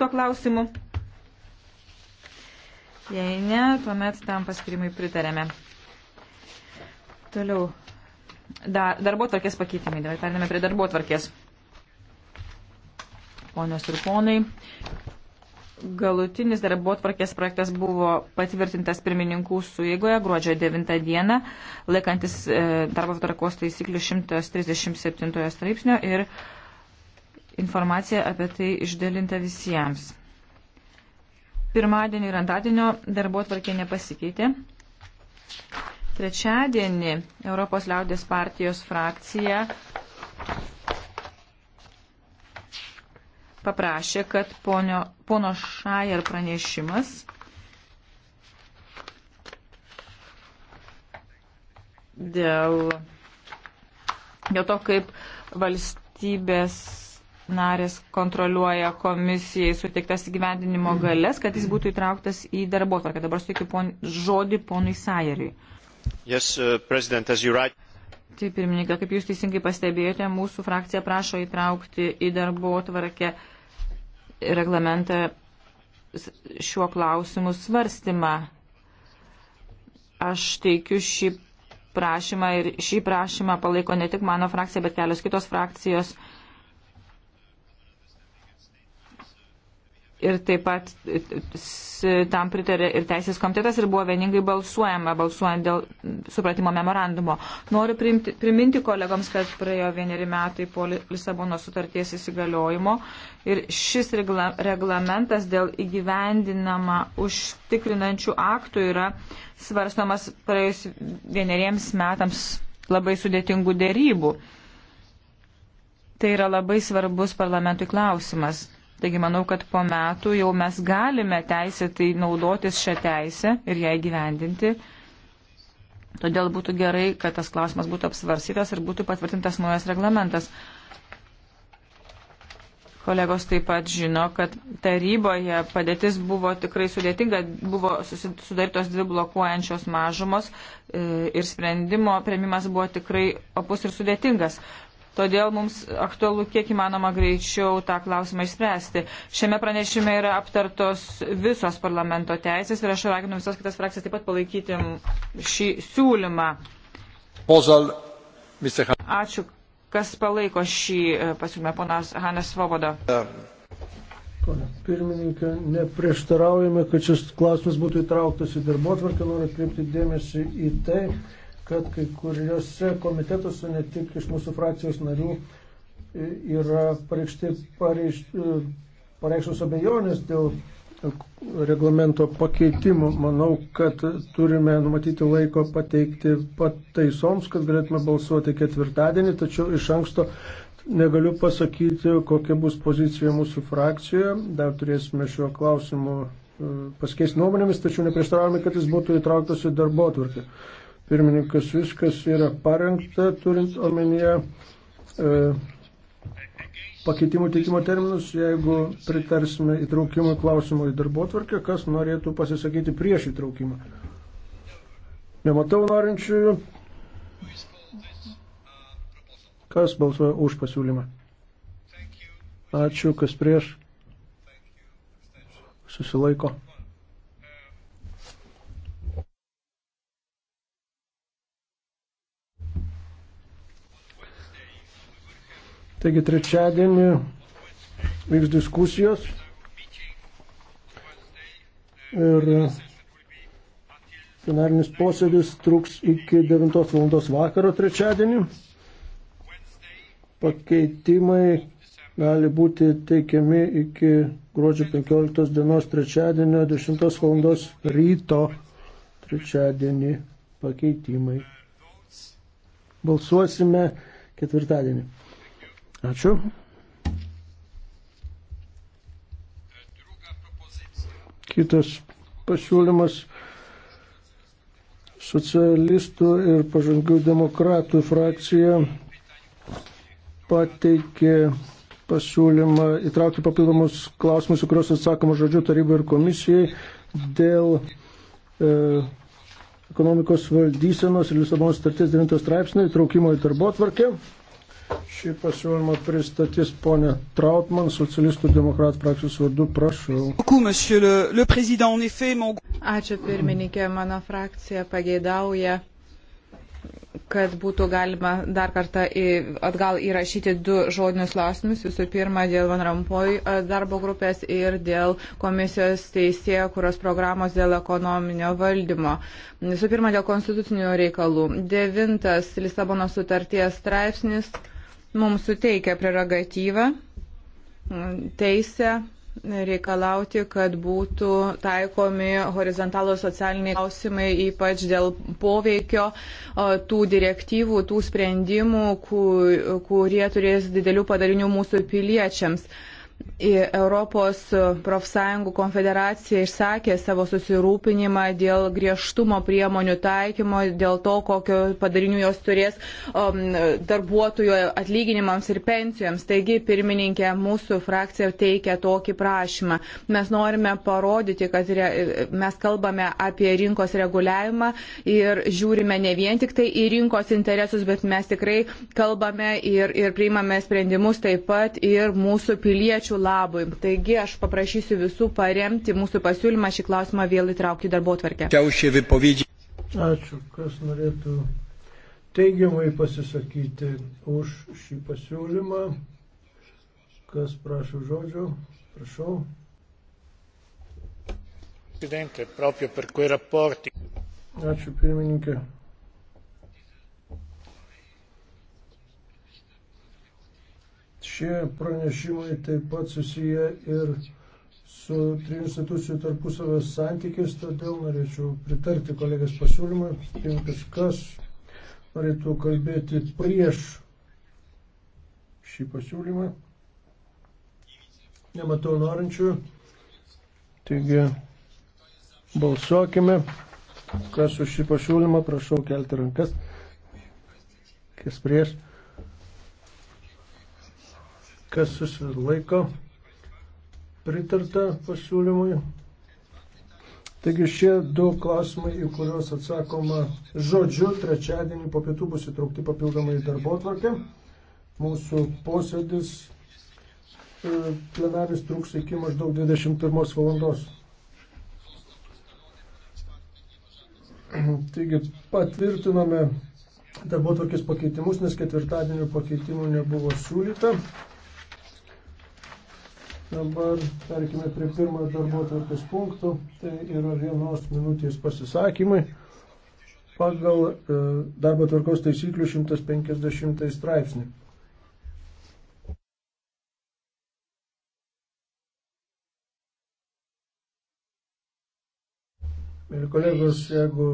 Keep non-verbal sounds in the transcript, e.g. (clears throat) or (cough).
tuo klausimu? Jei ne, tuomet tam paskirimui pritarėme. Toliau. Da, darbo tvarkės pakeitimai. Dabar perėmėme prie darbo tvarkės. Ponios ir ponai, galutinis darbo tvarkės projektas buvo patvirtintas pirmininkų suėgoje gruodžio 9 dieną, laikantis e, darbo tvarkos taisyklių 137 straipsnio ir Informacija apie tai išdėlinta visiems. Pirmadienį ir antradienio darbo tvarkė nepasikeitė. Trečiadienį Europos liaudės partijos frakcija paprašė, kad ponio, pono Šajer pranešimas dėl, dėl to, kaip valstybės narės kontroliuoja komisijai suteiktas įgyvendinimo galės, kad jis būtų įtrauktas į darbo tvarką. Dabar suteikiu pon, žodį ponui Sajeriui. Yes, uh, right. Taip, pirmininkė, kaip jūs teisingai pastebėjote, mūsų frakcija prašo įtraukti į darbo tvarkę reglamentą šiuo klausimu svarstymą. Aš teikiu šį prašymą ir šį prašymą palaiko ne tik mano frakcija, bet kelios kitos frakcijos. Uh, ir taip pat e, tam pritarė ir Teisės komitetas ir buvo vieningai balsuojama, balsuojant dėl supratimo memorandumo. Noriu priimti, priminti kolegoms, kad praėjo vieneri metai po Lisabono sutarties įsigaliojimo ir šis regla, reglamentas dėl įgyvendinama užtikrinančių aktų yra svarstomas praėjus vieneriems metams labai sudėtingų dėrybų. Tai yra labai svarbus parlamentui klausimas. Taigi manau, kad po metų jau mes galime teisėtai naudotis šią teisę ir ją įgyvendinti. Todėl būtų gerai, kad tas klausimas būtų apsvarsytas ir būtų patvirtintas naujas reglamentas. Kolegos taip pat žino, kad taryboje padėtis buvo tikrai sudėtinga, buvo sudarytos dvi blokuojančios mažumos e, ir sprendimo prieimimas buvo tikrai opus ir sudėtingas. Todėl mums aktualu kiek įmanoma greičiau tą klausimą išspręsti. Šiame pranešime yra aptartos visos parlamento teisės ir aš raginu visas kitas frakcijas taip pat palaikyti šį siūlymą. Pozal, Ačiū. Kas palaiko šį e, pasiūlymą, ponas Hanes Svoboda? Pane pirmininkė, neprieštaraujame, kad šis klausimas būtų įtrauktas į darbo atvarkę, noriu atkreipti dėmesį į tai, kad kai kuriuose komitetuose, ne tik iš mūsų frakcijos narių, yra pareikšti pareiš, pareikštos abejonės dėl reglamento pakeitimų. Manau, kad turime numatyti laiko pateikti pataisoms, kad galėtume balsuoti ketvirtadienį, tačiau iš anksto negaliu pasakyti, kokia bus pozicija mūsų frakcijoje. Dar turėsime šiuo klausimu pasikeisti nuomonėmis, tačiau neprieštaravome, kad jis būtų įtrauktas į darbo atvarkę pirmininkas, viskas yra parengta, turint omenyje e, pakeitimų teikimo terminus, jeigu pritarsime įtraukimui klausimo į darbo tvarkę, kas norėtų pasisakyti prieš įtraukimą. Nematau norinčiųjų. Kas balsuoja už pasiūlymą? Ačiū, kas prieš. Susilaiko. Taigi trečiadienį vyks diskusijos ir plenarinis posėdis truks iki 9 val. vakaro trečiadienį. Pakeitimai gali būti teikiami iki gruodžio 15 dienos trečiadienio 10 val. ryto trečiadienį pakeitimai. Balsuosime ketvirtadienį. Ačiū. Kitas pasiūlymas socialistų ir pažangių demokratų frakcija pateikė pasiūlymą įtraukti papildomus klausimus, į kuriuos atsakoma žodžiu tarybai ir komisijai dėl e, ekonomikos valdysenos ir Lisabonos starties 9 straipsnio įtraukimo į darbo tvarkę. Šį pasiūlymą pristatys ponė Trautman, socialistų demokratų frakcijos vardu, prašau. Ačiū pirmininkė, mano frakcija pageidauja kad būtų galima dar kartą į, atgal įrašyti du žodinius klausimus. Visų pirma, dėl Van Rampoj e, darbo grupės ir dėl komisijos teisėjo, kurios programos dėl ekonominio valdymo. Visų pirma, dėl konstitucinių reikalų. Devintas Lisabono sutarties straipsnis mums suteikia prerogatyvą, mm, teisę reikalauti, kad būtų taikomi horizontalos socialiniai klausimai, ypač dėl poveikio tų direktyvų, tų sprendimų, kurie turės didelių padarinių mūsų piliečiams. Europos profsąjungų konfederacija išsakė savo susirūpinimą dėl griežtumo priemonių taikymo, dėl to, kokio padarinių jos turės um, darbuotojų atlyginimams ir pensijoms. Taigi, pirmininkė, mūsų frakcija teikia tokį prašymą. Mes norime parodyti, kad re, mes kalbame apie rinkos reguliavimą ir žiūrime ne vien tik tai į rinkos interesus, bet mes tikrai kalbame ir, ir priimame sprendimus taip pat ir mūsų piliečių laimės labui. Taigi aš paprašysiu visų paremti mūsų pasiūlymą šį klausimą vėl įtraukti į darbo tvarkę. Ačiū, kas norėtų teigiamai pasisakyti už šį pasiūlymą. Kas prašo žodžio? Prašau. Ačiū pirmininkė. Šie pranešimai taip pat susiję ir su trijų institucijų tarpusavio santykiais, todėl norėčiau pritarti kolegės pasiūlymą, jeigu kažkas norėtų kalbėti prieš šį pasiūlymą. Nematau norinčių, taigi balsuokime, kas už šį pasiūlymą, prašau kelti rankas, kas prieš kas susilaiko pritarta pasiūlymui. Taigi šie du klausimai, į kuriuos atsakoma žodžiu, trečiadienį po pietų bus įtraukti papildomai į darbo atvarkę. Mūsų posėdis e, plenaris truks iki maždaug 21 valandos. (clears throat) Taigi patvirtinome darbo tvarkės pakeitimus, nes ketvirtadienio pakeitimų nebuvo siūlyta. Dabar perkime prie pirmojo darbo tvarkos punktų. Tai yra vienos minutės pasisakymai. Pagal e, darbo tvarkos taisyklių 150 straipsnį. Mėly kolegos, jeigu